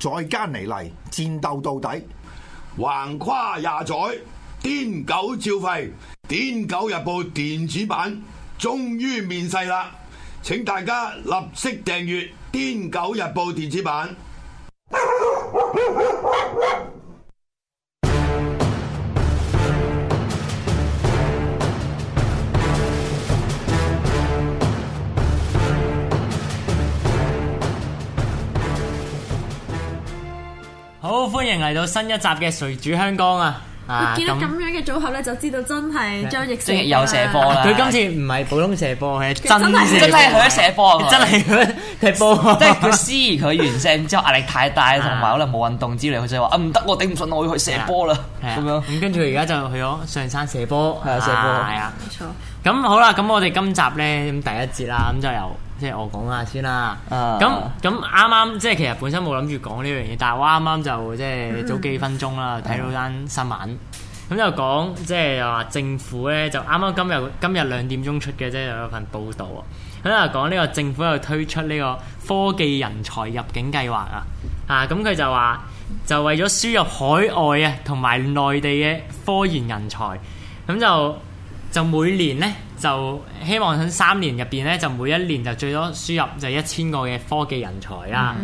再加尼嚟，戰鬥到底，橫跨廿載，癲狗照吠。癲狗日報電子版終於面世啦！請大家立即訂閱癲狗日報電子版。 歡迎嚟到新一集嘅誰主香江啊！咁見到咁樣嘅組合咧，就知道真係張亦。張亦有射波啦！佢今次唔係普通射波，係真係射波。真係佢射波，真係佢佢波，即係佢思疑佢完射，之後壓力太大，同埋可能冇運動之類，佢就話啊唔得，我頂唔順，我要去射波啦。係啊，咁跟住佢而家就去咗上山射波。係啊，射波係啊，冇錯。咁好啦，咁我哋今集咧咁第一節啦，咁就由。即係我講下先啦。咁咁啱啱即係其實本身冇諗住講呢樣嘢，但係我啱啱就即係早幾分鐘啦，睇到單新聞，咁、嗯、就講即係話政府咧就啱啱今日今日兩點鐘出嘅啫、即係、有一份報道啊，咁就講呢個政府又推出呢個科技人才入境計劃啊。啊，咁佢就話就為咗輸入海外啊同埋內地嘅科研人才，咁就就每年呢，就希望喺三年入邊咧，就每一年就最多輸入就一千個嘅科技人才啦。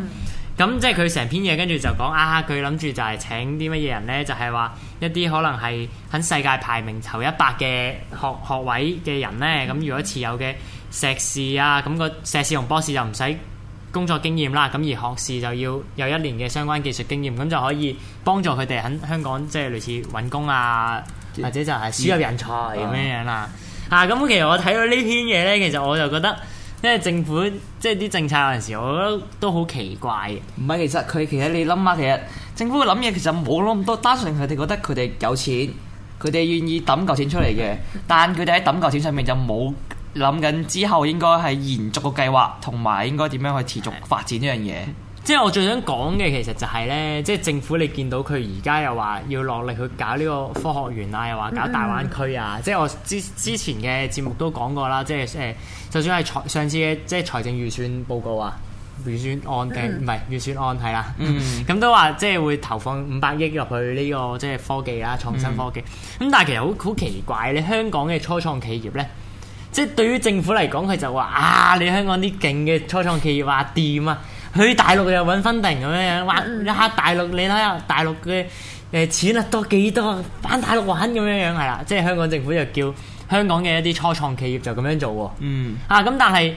咁、嗯、即係佢成篇嘢跟住就講，啊，佢諗住就係請啲乜嘢人呢？就係、是、話一啲可能係喺世界排名頭一百嘅學學位嘅人呢。咁、嗯、如果持有嘅碩士啊，咁、那個碩士同博士就唔使工作經驗啦。咁而學士就要有一年嘅相關技術經驗，咁就可以幫助佢哋喺香港即係類似揾工啊，或者就係輸入人才咁樣樣啦。嗯。嚇！咁、啊、其實我睇到呢篇嘢呢，其實我就覺得，因為政府即係啲政策有陣時，我覺得都好奇怪嘅。唔係，其實佢其實你諗下，其實政府嘅諗嘢其實冇諗咁多，單純佢哋覺得佢哋有錢，佢哋願意抌嚿錢出嚟嘅， 但佢哋喺抌嚿錢上面就冇諗緊之後應該係延續個計劃，同埋應該點樣去持續發展呢樣嘢。 即係我最想講嘅，其實就係咧，即係政府你見到佢而家又話要落力去搞呢個科學園啊，又話搞大灣區啊。嗯、即係我之之前嘅節目都講過啦，即係誒、呃，就算係財上次嘅即係財政預算報告啊，預算案定唔係預算案係啦。咁、嗯嗯、都話即係會投放五百億入去呢、呢個即係科技啦，創新科技。咁、嗯、但係其實好好奇怪，你香港嘅初創企業咧，即係對於政府嚟講，佢就話啊，你香港啲勁嘅初創企業話掂啊！去大陸又揾 funding 咁樣樣，玩一下大陸你睇下，大陸嘅誒、呃、錢啊多幾多，翻大陸玩咁樣樣係啦，即係香港政府就叫香港嘅一啲初創企業就咁樣做喎。嗯，啊咁但係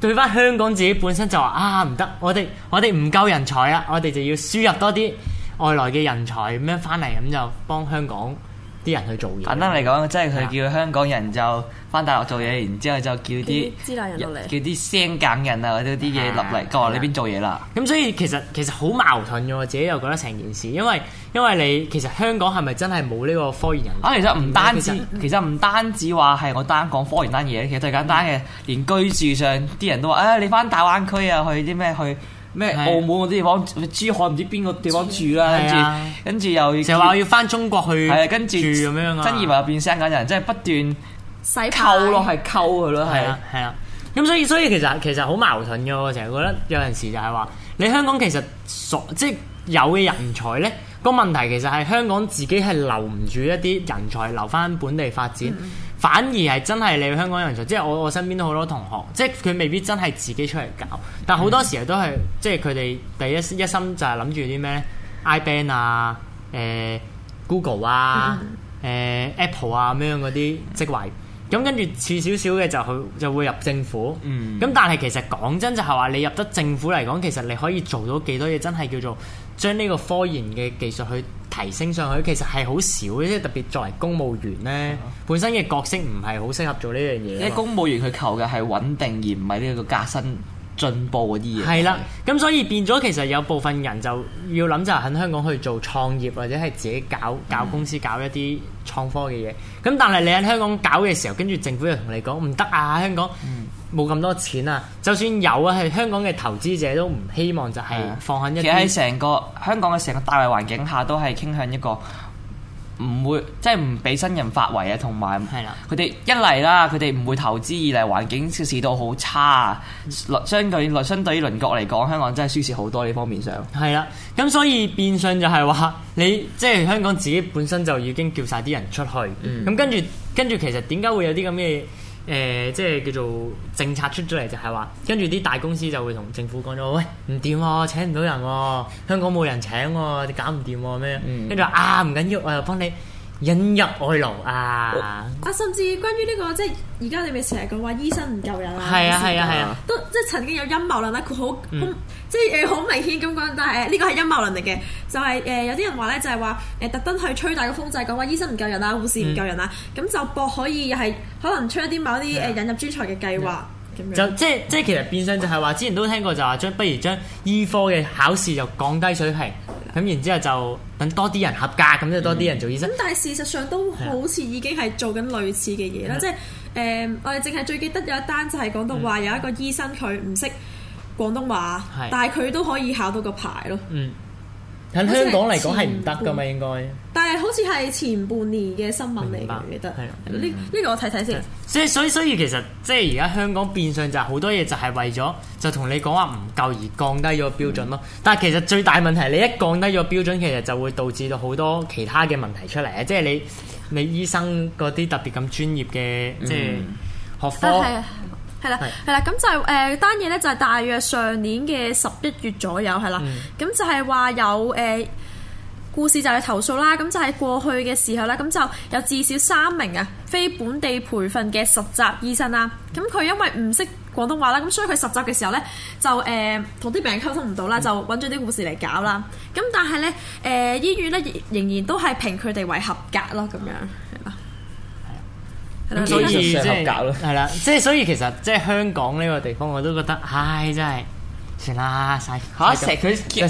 對翻香港自己本身就話啊唔得，我哋我哋唔夠人才啊，我哋就要輸入多啲外來嘅人才咁樣翻嚟，咁就幫香港。啲人去做嘢，簡單嚟講，即係佢叫香港人就翻大陸做嘢，的然之後就叫啲資叫啲聲揀人啊或者啲嘢落嚟過呢邊做嘢啦。咁的、嗯、所以其實其實好矛盾嘅，我自己又覺得成件事，因為因為你其實香港係咪真係冇呢個科研人？啊，其實唔單止，其實唔單止話係我單講科研單嘢，嗯、其實最簡單嘅，連居住上啲人都話，誒、啊，你翻大灣區啊，去啲咩去？去咩？澳門嗰啲地方，啊、珠海唔知邊個地方住啦、啊。跟住、啊、跟住又成日話我要翻中國去跟住咁樣啊。真以為變聲緊人，真係不斷洗派扣落係扣佢咯。係啊係啊，咁、啊、所以所以其實其實好矛盾㗎。我成日覺得有陣時就係話你香港其實所即係有嘅人才咧個問題，其實係香港自己係留唔住一啲人才留翻本地發展。嗯反而係真係你去香港人才，即係我我身邊都好多同學，即係佢未必真係自己出嚟搞，但好多時候都係即係佢哋第一一心就係諗住啲咩，ibank 啊，誒、欸、Google 啊，誒、欸、Apple 啊咁樣嗰啲職位，咁跟住似少少嘅就去就會入政府，咁、嗯、但係其實講真就係話你入得政府嚟講，其實你可以做到幾多嘢，真係叫做。將呢個科研嘅技術去提升上去，其實係好少，即係特別作為公務員咧，嗯、本身嘅角色唔係好適合做呢樣嘢。因為公務員佢求嘅係穩定，而唔係呢個加薪進步嗰啲嘢。係啦，咁所以變咗，其實有部分人就要諗就係喺香港去做創業，或者係自己搞搞公司，搞一啲創科嘅嘢。咁、嗯、但係你喺香港搞嘅時候，跟住政府又同你講唔得啊！香港、啊。嗯冇咁多錢啊！就算有啊，係香港嘅投資者都唔希望就係放喺一。其實喺成個香港嘅成個大圍環境下，都係傾向一個唔會，即係唔俾新人發圍啊，同埋係啦，佢哋一嚟啦，佢哋唔會投資二嚟環境嘅市道好差，相對相對於鄰國嚟講，香港真係輸蝕好多呢方面上。係啦，咁所以變相就係話，你即係香港自己本身就已經叫晒啲人出去，咁、嗯、跟住跟住，其實點解會有啲咁嘅？誒、呃，即係叫做政策出咗嚟就係話，跟住啲大公司就會同政府講咗，喂，唔掂喎，請唔到人喎、啊，香港冇人請喎，你搞唔掂喎咩？跟住話啊，唔緊要，我又幫你。引入外勞啊！啊，甚至關於呢、這個即係而家你咪成日講話醫生唔夠人啊，係啊係啊係啊，都即係曾經有陰謀論啊，好、嗯、即係誒好明顯咁講，但係呢、這個係陰謀論嚟嘅，就係、是、誒、呃、有啲人話咧就係話誒特登去吹大個風，就係講話醫生唔夠人啊，護士唔夠人啊，咁、嗯、就博可以係可能出一啲某啲誒引入專才嘅計劃咁、嗯樣。就即係即係其實變相就係話，之前都聽過就話將，不如將醫科嘅考試就降低水平。 咁然之後就等多啲人合格，咁就多啲人做醫生。咁、嗯、但係事實上都好似已經係做緊類似嘅嘢啦，的即係誒、呃，我哋淨係最記得有一單就係講到話有一個醫生佢唔識廣東話，的但係佢都可以考到個牌咯。嗯喺香港嚟講係唔得㗎嘛，應該。但係好似係前半年嘅新聞嚟，記白得。係呢呢個我睇睇先看看。即係所以所以其實即係而家香港變相就係好多嘢就係為咗就同你講話唔夠而降低咗個標準咯。嗯、但係其實最大問題係你一降低咗標準，其實就會導致到好多其他嘅問題出嚟。即係你你醫生嗰啲特別咁專業嘅即係學科。嗯啊。係啦，係啦，咁就係誒單嘢咧，呃、就係大約上年嘅十一月左右係啦，咁、嗯、就係話有誒、呃、故事就係投訴啦，咁就喺過去嘅時候咧，咁就有至少三名啊非本地培訓嘅實習醫生啦，咁佢因為唔識廣東話咧，咁所以佢實習嘅時候咧就誒同啲病人溝通唔到啦，嗯、就揾咗啲護士嚟搞啦，咁但係咧誒醫院咧仍然都係評佢哋為合格咯，咁、嗯、樣係啦。所以即係係啦，即係所以其實即係香港呢個地方，我都覺得唉，真係。算啦，曬嚇！佢，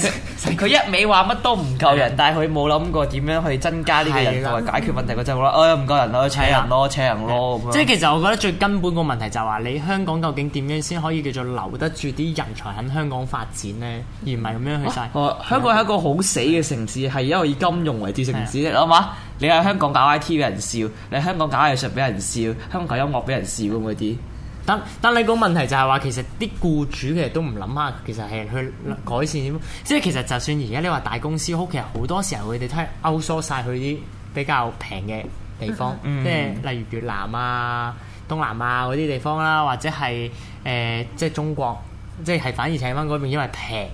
佢一味話乜都唔夠人，但係佢冇諗過點樣去增加呢個嘢，才解決問題嘅啫嘛！哎呀，唔夠人咯，請人咯，請人咯咁。即係其實我覺得最根本個問題就係話，你香港究竟點樣先可以叫做留得住啲人才喺香港發展咧，而唔係咁樣去晒。哦，香港係一個好死嘅城市，係因為以金融為主城市嚟啊嘛！你喺香港搞 I T 俾人笑，你喺香港搞藝術俾人笑，香港搞音樂俾人笑，咁唔啲？但但你個問題就係、是、話，其實啲僱主其實都唔諗下，其實係去改善點。嗯、即係其實就算而家你話大公司，其實好多時候佢哋都係歐縮晒去啲比較平嘅地方，嗯、即係例如越南啊、東南亞嗰啲地方啦，或者係誒、呃、即係中國，即係反而請返嗰邊，因為平。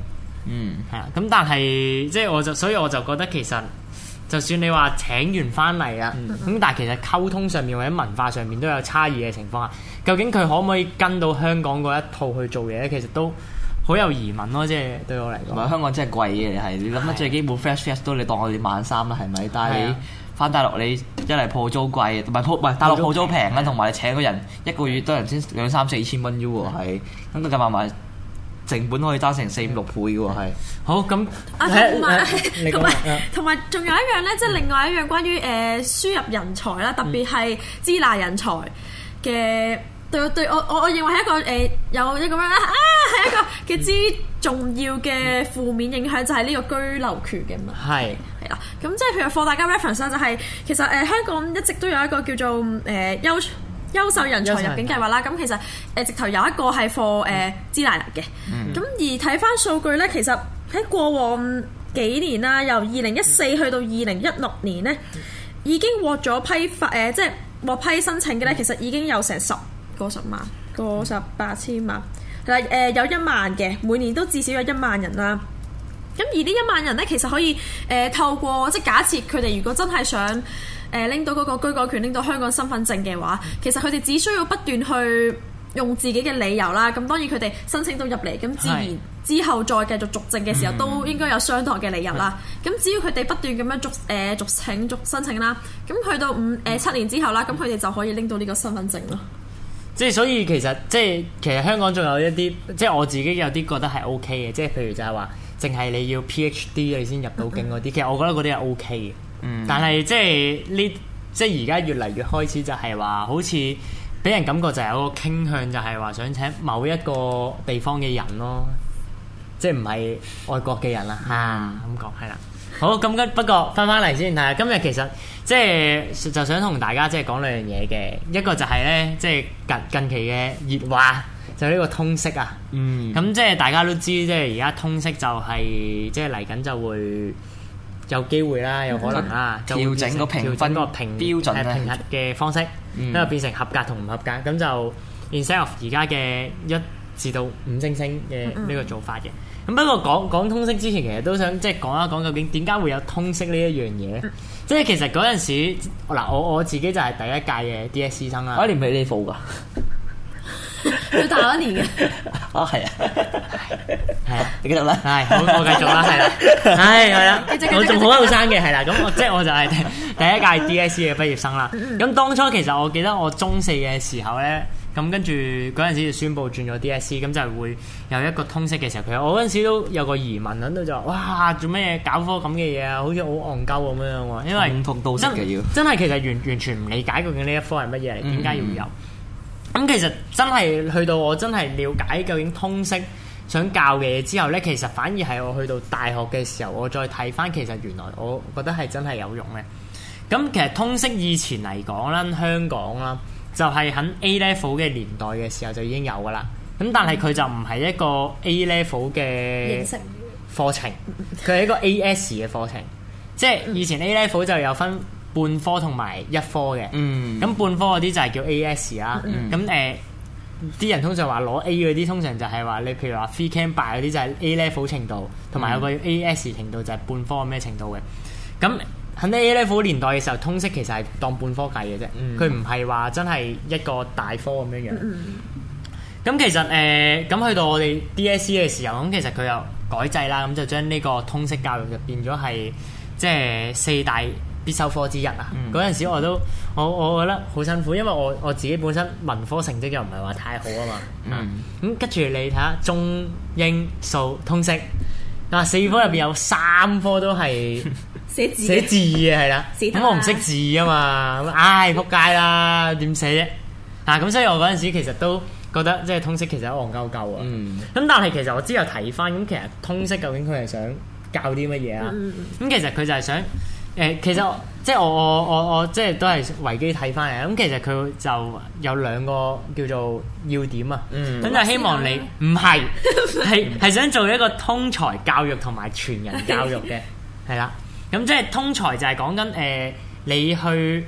嗯。係啊，咁但係即係我就所以我就覺得其實。就算你話請完翻嚟啊，咁、嗯、但係其實溝通上面或者文化上面都有差異嘅情況下，究竟佢可唔可以跟到香港嗰一套去做嘢咧？其實都好有疑問咯。即係對我嚟講，唔係香港真係貴嘅係是你諗乜最基本 fresh fresh 都你當我哋晚三啦，係咪？但係你翻大陸你一嚟鋪租貴，唔係鋪唔係大陸鋪租平啦，同埋是你請個人一個月都人先兩三四千蚊啫喎，係咁佢就埋埋。4, 是是成本可以打成四五六倍嘅喎，係好咁。啊，同埋同埋同埋，仲 有， 有一樣咧，即、就、係、是、另外一樣關於誒、呃、輸入人才啦，特別係資納人才嘅、嗯、對對，我我我認為係一個誒、呃、有一個咩咧啊，係一個極之重要嘅負面影響，就係呢個居留權嘅問題。係係啦，咁即係譬如放大家 reference 啦，就係、是、其實誒、呃、香港一直都有一個叫做誒、呃、優。優秀人才入境計劃啦，咁其實誒直頭有一個係 for 誒芝蘭人嘅，咁、呃呃、而睇翻數據呢，其實喺過往幾年啦，由二零一四去到二零一六年呢，已經獲咗批發誒、呃，即係獲批申請嘅呢，其實已經有成十個十萬個十八千萬，嗱誒、呃、有一萬嘅，每年都至少有一萬人啦。咁而呢一萬人呢，其實可以誒透過即係假設佢哋如果真係想。誒拎到嗰個居港權，拎到香港身份證嘅話，其實佢哋只需要不斷去用自己嘅理由啦。咁當然佢哋申請到入嚟，咁自然之後再繼續續證嘅時候，嗯、都應該有相當嘅理由啦。咁、嗯、只要佢哋不斷咁樣續誒、呃、續請續申請啦，咁去到五誒、呃、七年之後啦，咁佢哋就可以拎到呢個身份證咯。即係所以其實即係其實香港仲有一啲，即係我自己有啲覺得係 O K 嘅，即係譬如就係話，淨係你要 PhD 你先入到境嗰啲，嗯嗯、其實我覺得嗰啲係 O K 嘅。嗯，但係即係呢，即係而家越嚟越開始就係話，好似俾人感覺就係有個傾向，就係話想請某一個地方嘅人咯，即係唔係外國嘅人啦嚇咁講係啦。好，咁不不過翻翻嚟先，係今日其實即係、就係、就想同大家即係講兩樣嘢嘅，一個就係咧即係近近期嘅熱話就係、係、呢個通識啊。嗯，咁即係大家都知，即係而家通識就係即係嚟緊就會。有機會啦，有可能啦，嗯、就調整個調整個評，整個評標準咧，評核嘅方式，咁啊、呃嗯、變成合格同唔合格，咁就 instead of 而家嘅一至到五星星嘅呢個做法嘅。咁、嗯嗯、不過講講通識之前，其實都想即係講一講究竟點解會有通識呢一樣嘢即係其實嗰陣時，嗱我我自己就係第一屆嘅 DSE 生啦。我連唔俾你報㗎。 要大一年嘅，哦，係啊，係啊， 啊你繼得啦，係好我繼續啦，係啦，係係啊，我仲、啊啊啊 啊、好後生嘅，係啦、 啊，咁我即係我就係第一屆 D S E 嘅畢業生啦。咁 當初其實我記得我中四嘅時候咧，咁跟住嗰陣時就宣布轉咗 D S E，咁就係會有一個通識嘅時候。佢我嗰陣時都有個疑問喺度，就哇，做咩搞科咁嘅嘢啊？好似好戇鳩咁樣樣喎。因為唔同道識嘅要真係其實完完全唔理解究竟呢一科係乜嘢嚟，點解要有、嗯？嗯咁其實真係去到我真係了解究竟通識想教嘅嘢之後呢，其實反而係我去到大學嘅時候，我再睇翻，其實原來我覺得係真係有用嘅。咁其實通識以前嚟講啦，香港啦，就係喺 A level 嘅年代嘅時候就已經有㗎喇。咁但係佢就唔係一個 A level 嘅課程，佢係一個 AS 嘅課程，即係以前 A level 就有分。半科同埋一科嘅，咁、嗯、半科嗰啲就係叫 A.S. 啦、嗯。咁誒，啲、呃、人通常話攞 A 嗰啲，通常就係話你，譬如話 f e e can by 嗰啲，就係 A level 程度，同埋、嗯、有個 A.S. 程度就係半科咩程度嘅。咁喺 A level 年代嘅時候，通識其實係當半科計嘅啫，佢唔係話真係一個大科咁樣樣。咁、嗯、其實誒，咁、呃、去到我哋 D.S.E. 嘅時候，咁其實佢又改制啦，咁就將呢個通識教育變就變咗係即係四大必修科之一啊！嗰陣時我都我我覺得好辛苦，因為我我自己本身文科成績又唔係話太好啊嘛。咁跟住你睇下中英數通識，嗱四科入邊有三科都係寫字寫字啊，係啦。咁我唔識字啊嘛，唉撲街啦，點寫啫？啊咁，所以我嗰陣時其實都覺得即係通識其實一戇鳩鳩啊。咁但係其實我之後睇翻，咁其實通識究竟佢係想教啲乜嘢啊？咁其實佢就係想。誒，其實即係我我我我即係都係維基睇翻嚟。咁其實佢就有兩個叫做要點啊。咁就、嗯嗯、希望你唔係係係想做一個通才教育同埋全人教育嘅，係啦。 咁即係通才就係講緊誒，你去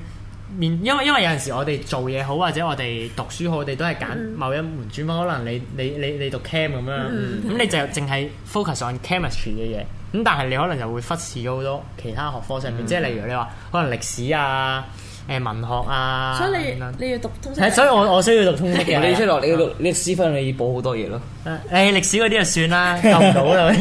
面，因為因為有陣時我哋做嘢好，或者我哋讀書好，我哋都係揀某一門專科，可能你你你你讀 chem 咁樣，咁你就淨係 focus on chemistry 嘅嘢。咁但係你可能又會忽視咗好多其他學科上面，即係例如你話可能歷史啊、誒文學啊，所以你要讀通識？係，所以我我需要讀通識嘅。你出嚟，你個歷史分，你要補好多嘢咯。誒歷史嗰啲就算啦，救唔到啦。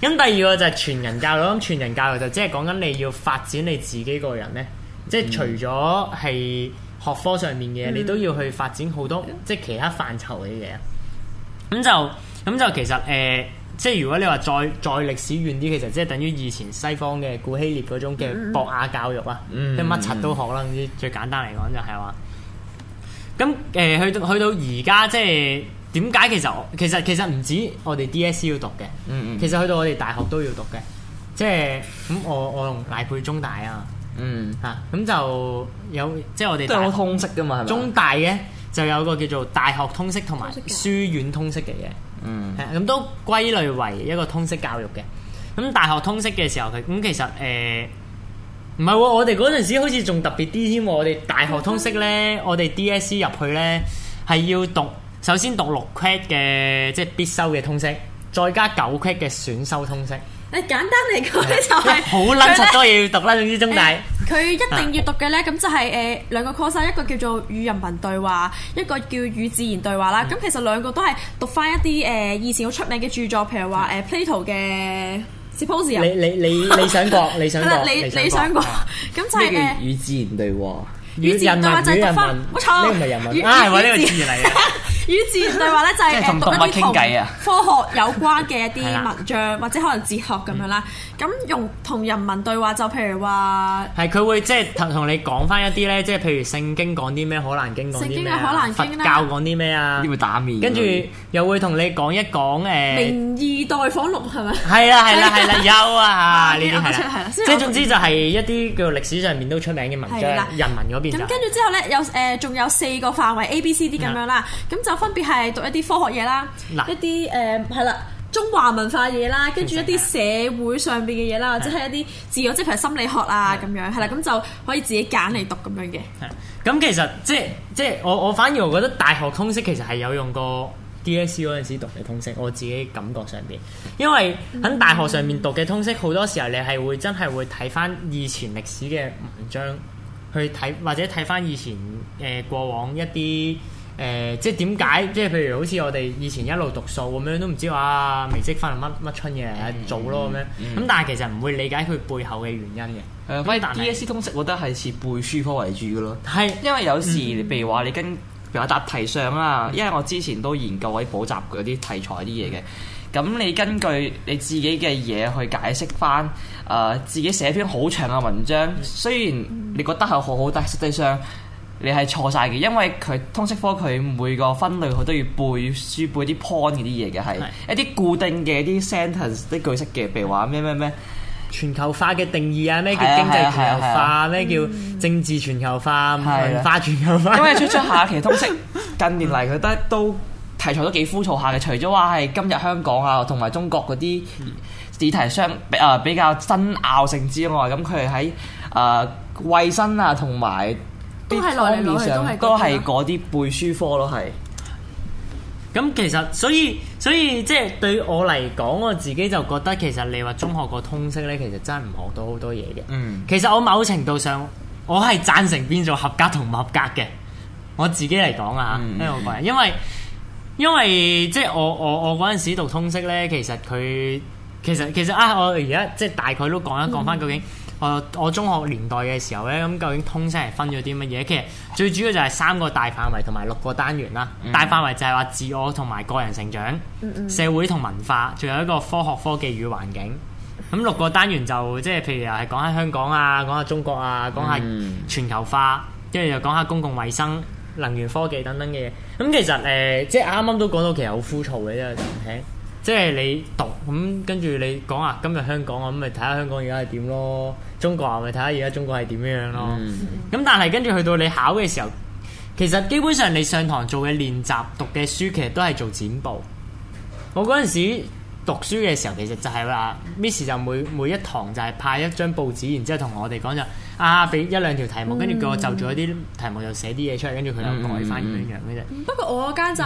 咁第二個就係全人教育。咁全人教育就即係講緊你要發展你自己個人咧，即係除咗係學科上面嘅，你都要去發展好多即係其他範疇嘅嘢。咁就咁就其實誒。即係如果你話再再歷史遠啲，其實即係等於以前西方嘅古希臘嗰種嘅博雅教育啊，即係乜柒都學啦。最簡單嚟講就係、是、話，咁誒、呃、去到去到而家，即係點解其實其實其實唔止我哋 DSE 要讀嘅，嗯嗯、其實去到我哋大學都要讀嘅。即係咁我我同賴珮中大啊，嚇咁、嗯啊、就有即係我哋都通識㗎嘛，中大嘅就有個叫做大學通識同埋書院通識嘅嘢。嗯，係咁都歸類為一個通識教育嘅。咁大學通識嘅時候，佢咁其實誒，唔係喎，我哋嗰陣時好似仲特別啲添喎。我哋大學通識咧，我哋 DSE 入去咧係要讀，首先讀六 credit 嘅即係必修嘅通識，再加九 credit 嘅選修通識。你簡單嚟講咧就係好撚雜多要讀啦，總之中大佢一定要讀嘅咧，咁就係誒兩個 course，一個叫做與人文對話，一個叫與自然對話啦。咁其實兩個都係讀翻一啲誒以前好出名嘅著作，譬如話誒 Plato 嘅 Suppose 人，你你你你想讀你想讀你想讀咁就係誒與自然對話，與人文與、哦、人文冇錯語啊，呢個唔係人文啊，揾呢個字嚟啊！與自然對話咧，就係讀一啲同科學有關嘅一啲文章，或者可能哲學咁樣啦。咁用同人民對話，就譬如話係佢會即係同同你講返一啲咧，即係譬如聖經講啲咩，可蘭經講啲咩，佛教講啲咩啊？會唔會打面？跟住又會同你講一講誒，明夷待訪錄係咪？係啦係啦係啦，有啊嚇呢啲係，即係總之就係一啲叫做歷史上面都出名嘅文章，人民嗰邊。咁跟住之後咧，有誒仲有四個範圍 A、B、C、D 咁樣啦，咁就。分別係讀一啲科學嘢啦，那一啲誒係啦，中華文化嘢啦，跟住一啲社會上邊嘅嘢啦，的或者係一啲自我，即係譬如心理學啊咁的樣，係啦，咁就可以自己揀嚟讀咁樣嘅。咁其實即係即係我我反而我覺得大學通識其實係有用過 DSE 嗰陣時讀嘅通識，我自己感覺上邊，因為喺大學上面讀嘅通識好、嗯、多時候你係會真係會睇翻以前歷史嘅文章去睇，或者睇翻以前誒、呃、過往一啲。誒、呃，即係點解？即係、嗯、譬如好似我哋以前一路讀數咁樣，都唔知話、啊、未識翻係乜乜春嘢做咯咁樣。咁、嗯嗯、但係其實唔會理解佢背後嘅原因嘅。誒，DSE 通識，我覺得係似背書科為主嘅咯。係，因為有時譬、嗯、如話你跟譬如話答題上啦，嗯、因為我之前都研究喺補習嗰啲題材啲嘢嘅。咁、嗯、你根據你自己嘅嘢去解釋翻，誒、呃、自己寫篇好長嘅文章，嗯、雖然你覺得係好好，但係實際上。你係錯晒嘅，因為佢通識科佢每個分類佢都要背書背啲 point 嗰啲嘢嘅，係是的 一啲固定嘅啲 sentence 啲句式嘅，譬如話咩咩咩，全球化嘅定義啊，咩叫經濟全球化，咩叫政治全球化，文化的全球化。因為，出出下其實通識近年嚟佢都都 題材都幾枯燥下嘅，除咗話係今日香港啊，同埋中國嗰啲試題相啊比較爭拗性之外，咁佢喺啊衞生啊同埋。都係來來都係嗰啲，背書科咯、嗯，係。咁其實，所以所以即係、就是、對我嚟講，我自己就覺得，其實你話中學個通識咧，其實真係唔學到好多嘢嘅。嗯。其實我某程度上，我係贊成變做合格同唔合格嘅。我自己嚟講啊，因為我講，因為因為即係我我我嗰陣時讀通識咧，其實佢其實其實啊，我而家即係大概都講一講翻究竟。嗯我中學年代嘅時候呢，咁究竟通識係分咗啲乜嘢？其實最主要就係三個大範圍同埋六個單元啦。嗯、大範圍就係話自我同埋個人成長、嗯嗯、社會同文化，仲有一個科學科技與環境。咁六個單元就即係譬如又係講下香港啊，講下中國啊，講下全球化，跟住又講下公共衞生、能源科技等等嘅嘢。咁其實誒、呃，即係啱啱都講到其實好枯燥嘅啫，你、嗯、睇。即係你讀咁跟住你講啊，今日香港啊咁咪睇下香港而家係點咯，中國啊咪睇下而家中國係點樣樣咯。咁、嗯、但係跟住去到你考嘅時候，其實基本上你上堂做嘅練習、讀嘅書，其實都係做剪報。我嗰陣時讀書嘅時候，其實就係話 Miss 就每每一堂就係派一張報紙，然之後同我哋講就。啊！俾一兩條題目，跟住叫我就做一啲題目，又寫啲嘢出嚟，跟住佢又改翻咁樣樣嘅啫。不、嗯、過我嗰間就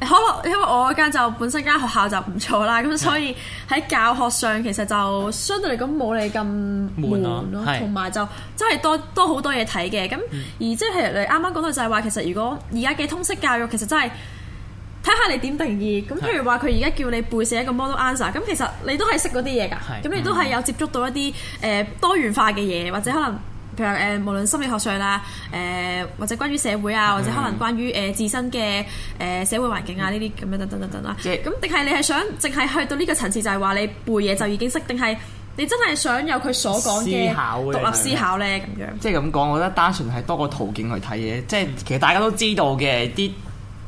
可能，嗯、因為我嗰間就本身間學校就唔錯啦，咁所以喺教學上其實就相對嚟講冇你咁悶咯，同埋、啊、就真係多多好多嘢睇嘅。咁而即係你啱啱講到就係話，其實如果而家嘅通識教育其實真係。睇下你點定義，咁譬如話佢而家叫你背寫一個 model answer，咁其實你都係識嗰啲嘢㗎，咁是你都係有接觸到一啲誒、呃、多元化嘅嘢，或者可能譬如誒、呃、無論心理學上啦，誒、呃、或者關於社會啊，或者可能關於誒、呃、自身嘅誒、呃、社會環境啊呢啲咁樣等等等等啦。咁定係你係想淨係去到呢個層次，就係話你背嘢就已經識，定係你真係想有佢所講嘅思考，獨立思考咧？咁樣即係咁講，我覺得單純係多個途徑去睇嘢，即係其實大家都知道嘅啲。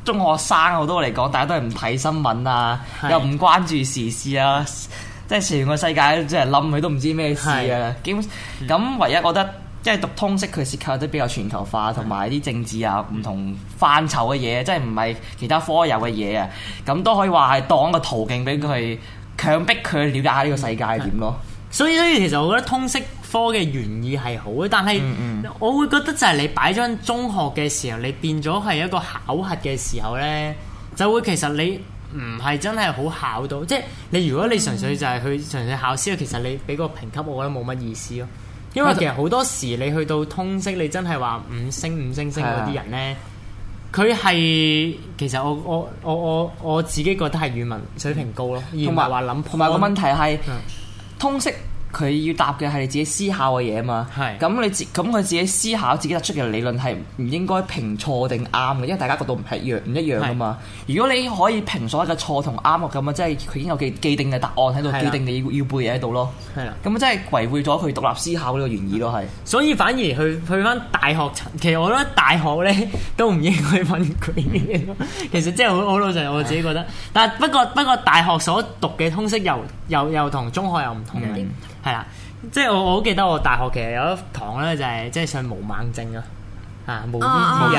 中學生好多嚟講，大家都係唔睇新聞啊，是又唔關注時事啊，是即係成個世界即係冧佢都唔知咩事啊。是基本上咁唯一覺得即係讀通識佢涉及得比較全球化同埋啲政治啊、唔同範疇嘅嘢，是即係唔係其他科有嘅嘢啊。咁都可以話係當個途徑俾佢強迫佢去了解下呢個世界點咯。所以所以其實我覺得通識科嘅原意係好嘅，但係、嗯嗯、我會覺得就係你擺張中學嘅時候，你變咗係一個考核嘅時候呢，就會其實你唔係真係好考到，即係你如果你純粹就係去純粹考試，其實你俾個評級，我覺得冇乜意思咯。因為其實好多時你去到通識，你真係話五星五星星嗰啲人呢，佢係、嗯、其實我我我我自己覺得係語文水平高咯，同埋係話諗。同埋個問題係、嗯、通識。佢要答嘅係你自己思考嘅嘢啊嘛，咁是你自咁佢自己思考、自己得出嘅理論係唔應該評錯定啱嘅，因為大家角度唔係一樣唔一樣啊嘛。是如果你可以評所謂嘅錯同啱咁啊，即係佢已經有既定的既定嘅答案喺度，既定你要背嘢喺度咯。係啦的，咁啊真係違背咗佢獨立思考呢個原意咯，係的。所以反而去去翻大學，其實我覺得大學咧都唔應該問佢嘢。其實真係好老實，我自己覺得。的但不過不過大學所讀嘅通識又又又同中學又唔同嘅。嗯嗯係啦，即係我我好記得我大學其實有一堂咧就係即係上無猛症咯，啊無無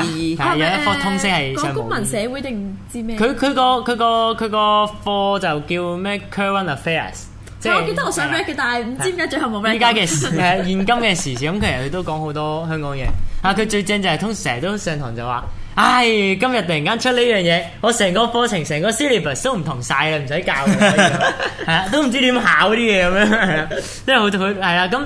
意義，但係有一科通識係上公民社會定唔知咩？佢佢、佢個佢個佢個課就叫咩 Current Affairs，即係我記得我上過佢，了但係唔知點解最後冇咩。依家嘅係現今嘅時事咁，其實佢都講好多香港嘢。 啊，佢最正就係、是、通常日都上堂就話。唉，今日突然間出呢樣嘢，我成個課程成個 syllabus 都唔同晒，嘅，唔使教，係啊， 都唔知點考啲嘢咁樣，即係佢佢係啊咁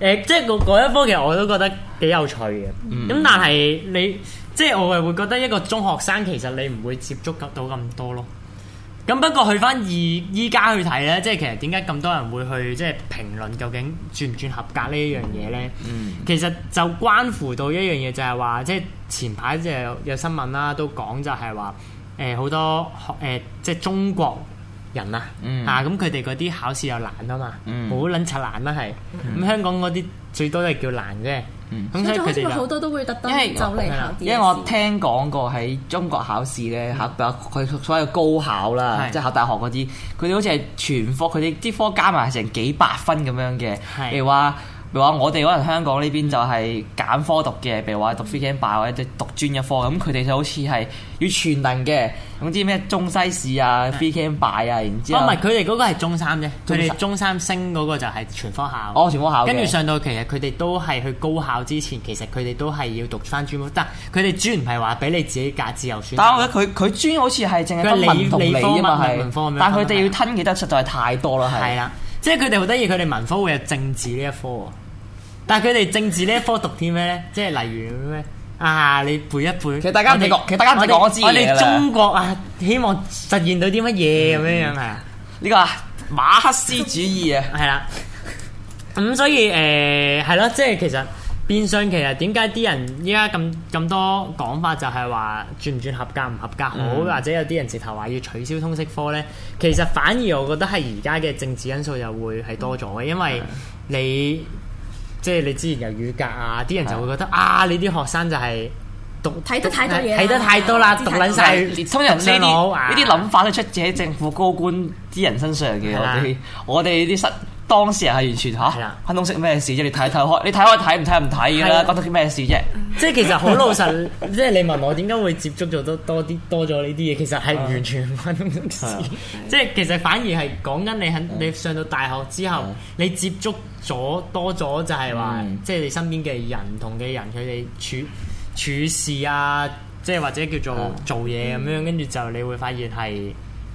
誒，即係嗰一科其實我都覺得幾有趣嘅，咁、嗯、但係你即係我係會覺得一個中學生其實你唔會接觸到咁多咯。咁不過去翻二依家去睇咧，即係其實點解咁多人會去即係評論究竟轉唔轉合格呢一樣嘢咧？嗯、其實就關乎到一樣嘢就係話，即係前排就有新聞啦、啊，都講就係話，誒、呃、好多學誒即係中國人啊，嚇咁佢哋嗰啲考試又難啊嘛，好撚柒難啦、啊、係，咁、嗯、香港嗰啲最多都係叫難啫。嗯，咁所以佢哋好多都會特登走嚟考。因為我聽講過喺中國考試咧，考佢所謂嘅高考啦，嗯、即係考大學嗰啲，佢哋好似係全科，佢哋啲科加埋係成幾百分咁樣嘅，譬如話。譬如話，我哋可能香港呢邊就係揀科讀嘅，譬如話讀飛機班或者讀專一科，咁佢哋就好似係要全能嘅，總之咩中西試啊、飛機班啊，by, 然後之後。唔係、哦，佢哋嗰個係中三啫，佢哋中三升嗰個就係全科校。哦，全科校。跟住上到其實佢哋都係去高考之前，其實佢哋都係要讀翻專科，但佢哋專唔係話俾你自己揀自由選。但係我覺得佢佢專好似係淨係得文同理啊嘛，科文科科，但佢哋要吞嘅得實在太多啦，係。係啦。即係佢哋好得意，佢哋文科會有政治呢一科啊，但係佢哋政治呢一科讀啲咩咧？即係例如咩啊？你背一背，其實大家唔講，們其實大家唔講，我知我哋中國啊，希望實現到啲乜嘢咁樣樣係啊？呢、這個馬克思主義啊， 係啦。咁所以誒，係、呃、咯，即係其實。變相其實點解啲人依家咁咁多講法就係話轉唔轉合格唔合格好，嗯、或者有啲人直頭話要取消通識科呢？其實反而我覺得係而家嘅政治因素又會係多咗，因為你即係、就是、你之前有語格啊，啲人就會覺得的啊，你啲學生就係讀睇得太多嘢，睇、啊、得太多啦，啊、讀撚曬聰人靚腦，呢啲諗法都出自喺政府高官啲人身上嘅、嗯的。我哋啲實當事人係完全嚇，關通識咩事啫。你睇睇開，你睇開睇唔睇唔睇噶啦，關通識咩事啫？ 即係其實好老實，即係你問我點解會接觸做多多啲多咗呢啲嘢，其實係完全唔關事。即係其實反而係講緊你肯，你上到大學之後，你接觸咗多咗就係、是、話，即係、嗯、你身邊嘅人同嘅人，佢哋處處事啊，即係或者叫做做嘢咁樣，跟住就你會發現係。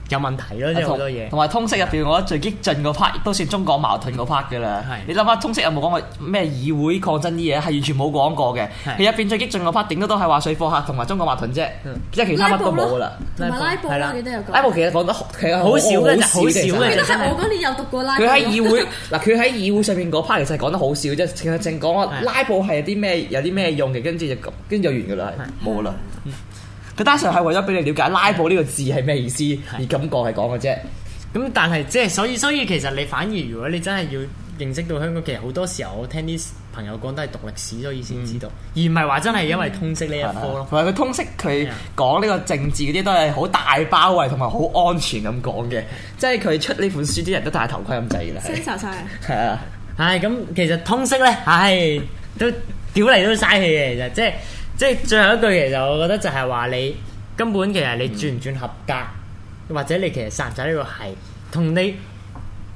有問題咯，真係好多嘢。同埋通識入邊，我覺得最激進嗰 part 都算中國矛盾嗰 part 噶啦。你諗下通識有冇講過咩議會抗爭啲嘢？係完全冇講過嘅。係。佢入邊最激進嗰 part，點都都係話水貨客，同埋中國矛盾啫。即係其他乜都冇噶啦。同埋拉布，我記得有講。拉布其實講得好少，好少嘅。我記得係我嗰年有讀過拉布。佢喺議會嗱，佢喺議會上面嗰 part 其實講得好少啫，淨淨講拉布係有啲咩有啲咩用嘅，跟住就跟住就完噶啦，冇啦。佢單純係為咗俾你了解拉布呢個字係咩意思而咁講係講嘅啫。咁但係即係所以，所以其實你反而如果你真係要認識到香港，其實好多時候我聽啲朋友講都係讀歷史所以先知道，嗯、而唔係話真係因為通識呢一科咯。同埋佢通識佢講呢個政治嗰啲都係好大包圍同埋好安全咁講嘅，即係佢出呢本書啲人都戴頭盔咁滯啦。吸收晒。係啊，唉是的， 咁其實通識咧，唉、哎，都屌嚟都嘥氣嘅，其實即係。即最後一句，其實我覺得就係話你根本其實你轉唔轉合格，嗯、或者你其實殺唔殺呢個係，同你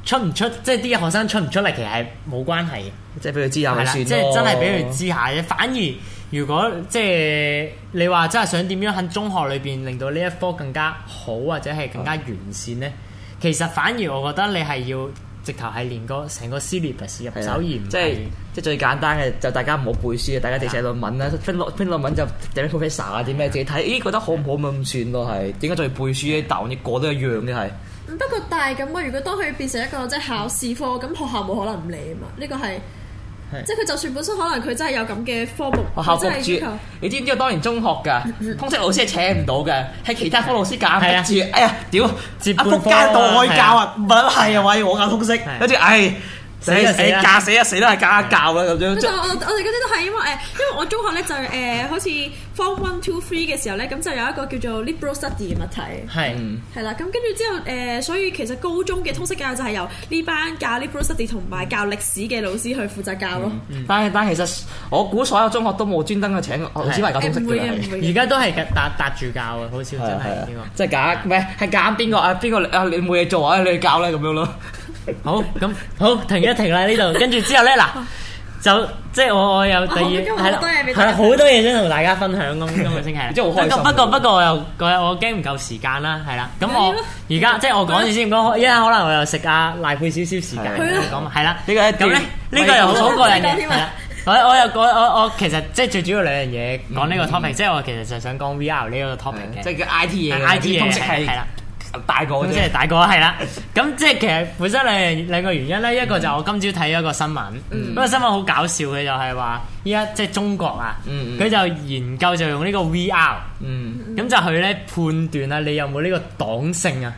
出唔出，即啲學生出唔出嚟，其實係冇關係即即俾佢知下咪算咯。即真係俾佢知下嘅。反而如果即你話真係想點樣喺中學裏邊令到呢一科更加好，或者係更加完善呢？嗯、其實反而我覺得你係要。直頭係連個成個 s i l v 入手，而即係即係最簡單嘅就大家唔好背書，大家哋寫論文啦，編落編落文就樣自己 copy 撒啲咩，自己睇，咦，覺得好唔好咪咁算咯，係點解仲要背書咧？但係我哋過都一樣嘅係。不過但係咁啊，如果當佢變成一個即係考試科，咁學校冇可能唔理啊嘛，呢個係。即係佢，就算本身可能佢真係有咁嘅科目，即係要求你知唔知道當年中學噶 通識老師係請唔到嘅，係其他科老師夾硬住。啊、哎呀，屌！阿福、啊、家代教啊，唔係啊位是、啊、我教通識，跟住唉。死死教死啊！死都係教教啦，咁樣就我我哋嗰啲都係因為誒，因為我中學咧就誒，好似 form one two three 嘅時候咧，咁就有一個叫做 liberal study 嘅物體係係啦，咁跟住之後誒，所以其實高中嘅通識教育就係由呢班教 liberal study 同埋教歷史嘅老師去負責教咯。但係但其實我估所有中學都冇專登去請老師嚟教通識嘅，而家都係搭搭住教啊！好少真係，即係揀唔係係揀邊個啊？邊個啊？你冇嘢做啊？你去教啦，咁樣咯。好咁好，停一停啦呢度，跟住之後咧嗱，就即係我我有第二係啦，係啦，好多嘢想同大家分享咁。今個星期即係好開心。不過不過我又嗰日我驚唔夠時間啦，係啦。咁我而家即係我講住先，都一可能我又食啊瀨配少少時間，係啦。呢個咁咧呢個又好過癮嘅。我我又講我我其實即係最主要兩樣嘢講呢個 topic 即係我其實就係想講 VR 呢個 topic 嘅，即係叫 IT 嘢，IT 嘢係啦。大個即係大個係啦，咁即係其實本身兩兩個原因咧，一個就我今朝睇咗個新聞，不過、嗯、新聞好搞笑嘅就係、是、話，依家即係中國啊，佢就研究就用呢個 VR，咁、嗯、就去咧判斷啊你有冇呢個黨性啊。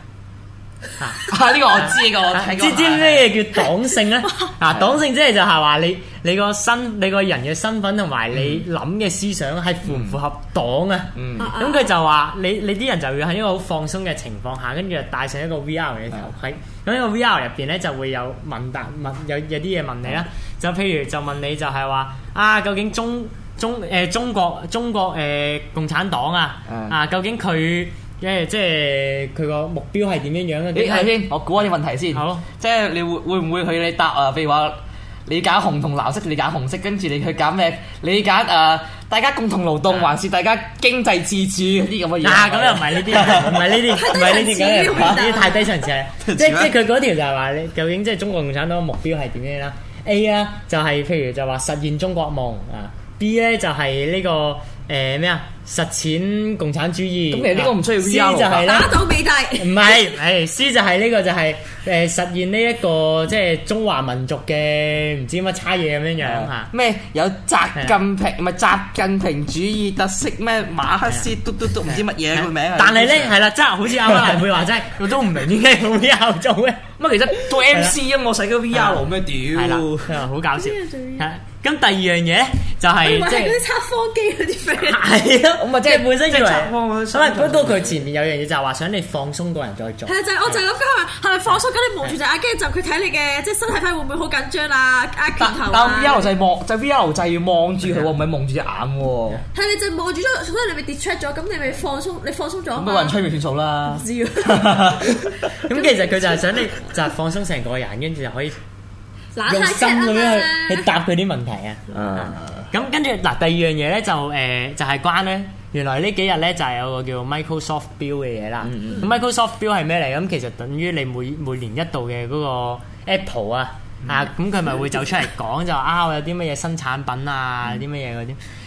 啊！呢 個我知個，我知知咩叫黨性咧？嗱、 就是，黨性即係就係話你你個身你個人嘅身份同埋你諗嘅思想係符唔符合黨啊？咁佢就話你你啲人就要喺一個好放鬆嘅情況下，跟住戴上一個 V R 嘅頭盔。咁呢個 V R 入邊咧就會有問答問有有啲嘢問你啦。嗯、就譬如就問你就係話啊，究竟中中誒、呃、中國中國誒、呃、共產黨啊啊，究竟佢？即係即係佢個目標係點樣樣你睇先，我估下啲問題先。好，即係你會會唔會去你答啊？譬如話你揀紅同藍色，你揀紅色，跟住你去揀咩？你揀誒大家共同勞動，還是大家經濟自主嗰啲咁嘅嘢？啊，咁又唔係呢啲，唔係呢啲，唔係呢啲咁嘅，呢啲太低層次。即即係佢嗰條就係話，你究竟即係中國共產黨目標係點樣啦？A 啊，就係譬如就話實現中國夢啊。B 咧就係呢個誒咩啊？實踐共產主義。咁其實呢個唔需要 V R 嘅。打倒美帝。唔係，係 C 就係呢個就係誒實現呢一個即係中華民族嘅唔知乜差嘢咁樣樣。咩有習近平咪習近平主義特色咩馬克思嘟嘟都唔知乜嘢個名。但係咧係啦，即係好似阿馬來會話我都唔明點解 V R 做嘅。乜其實做 M C 啊，我使個 V R 咩屌，好搞笑。咁第二樣嘢就係即係嗰啲測謊機嗰啲 f r i e n 係咯，咁啊即係本身以為，咁啊搬到佢前面有樣嘢就係話想你放鬆個人再做。係就係我就係咁加埋，係咪放鬆？咁你望住就，眼，跟住就佢睇你嘅，即係身體睇翻會唔會好緊張啊？但 V R 就係望就 V R 就要望住佢喎，唔係望住隻眼喎。係你就望住咗，所以你咪 detect 咗。咁你咪放鬆，你放鬆咗。冇人催眠算數啦。唔知啊。咁其實佢就係想你。 就放鬆成個人，跟住就可以用心咁樣 去答佢啲問題啊！咁跟住嗱，第二樣嘢咧就誒，就係、呃就係、關咧，原來幾呢幾日咧就係有個叫 Microsoft Build 嘅嘢啦。Microsoft Build 係咩嚟？咁其實等於你每每年一度嘅嗰個 Apple 啊啊，咁佢咪會走出嚟講就話啊，我有啲乜嘢新產品啊，啲乜嘢嗰啲。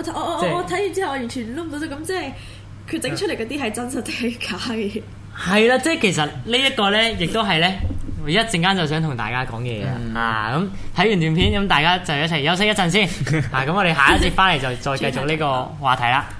我我是我睇完之後，我完全諗唔到啫。咁即係佢整出嚟嗰啲係真實定係假嘅？係啦，即係其實呢一個咧，亦都係咧，我一陣間就想同大家講嘢啦。啊，咁睇完段片，咁、嗯、大家就一齊休息一陣先。 啊，咁我哋下一節翻嚟就再繼續呢個話題啦。 最後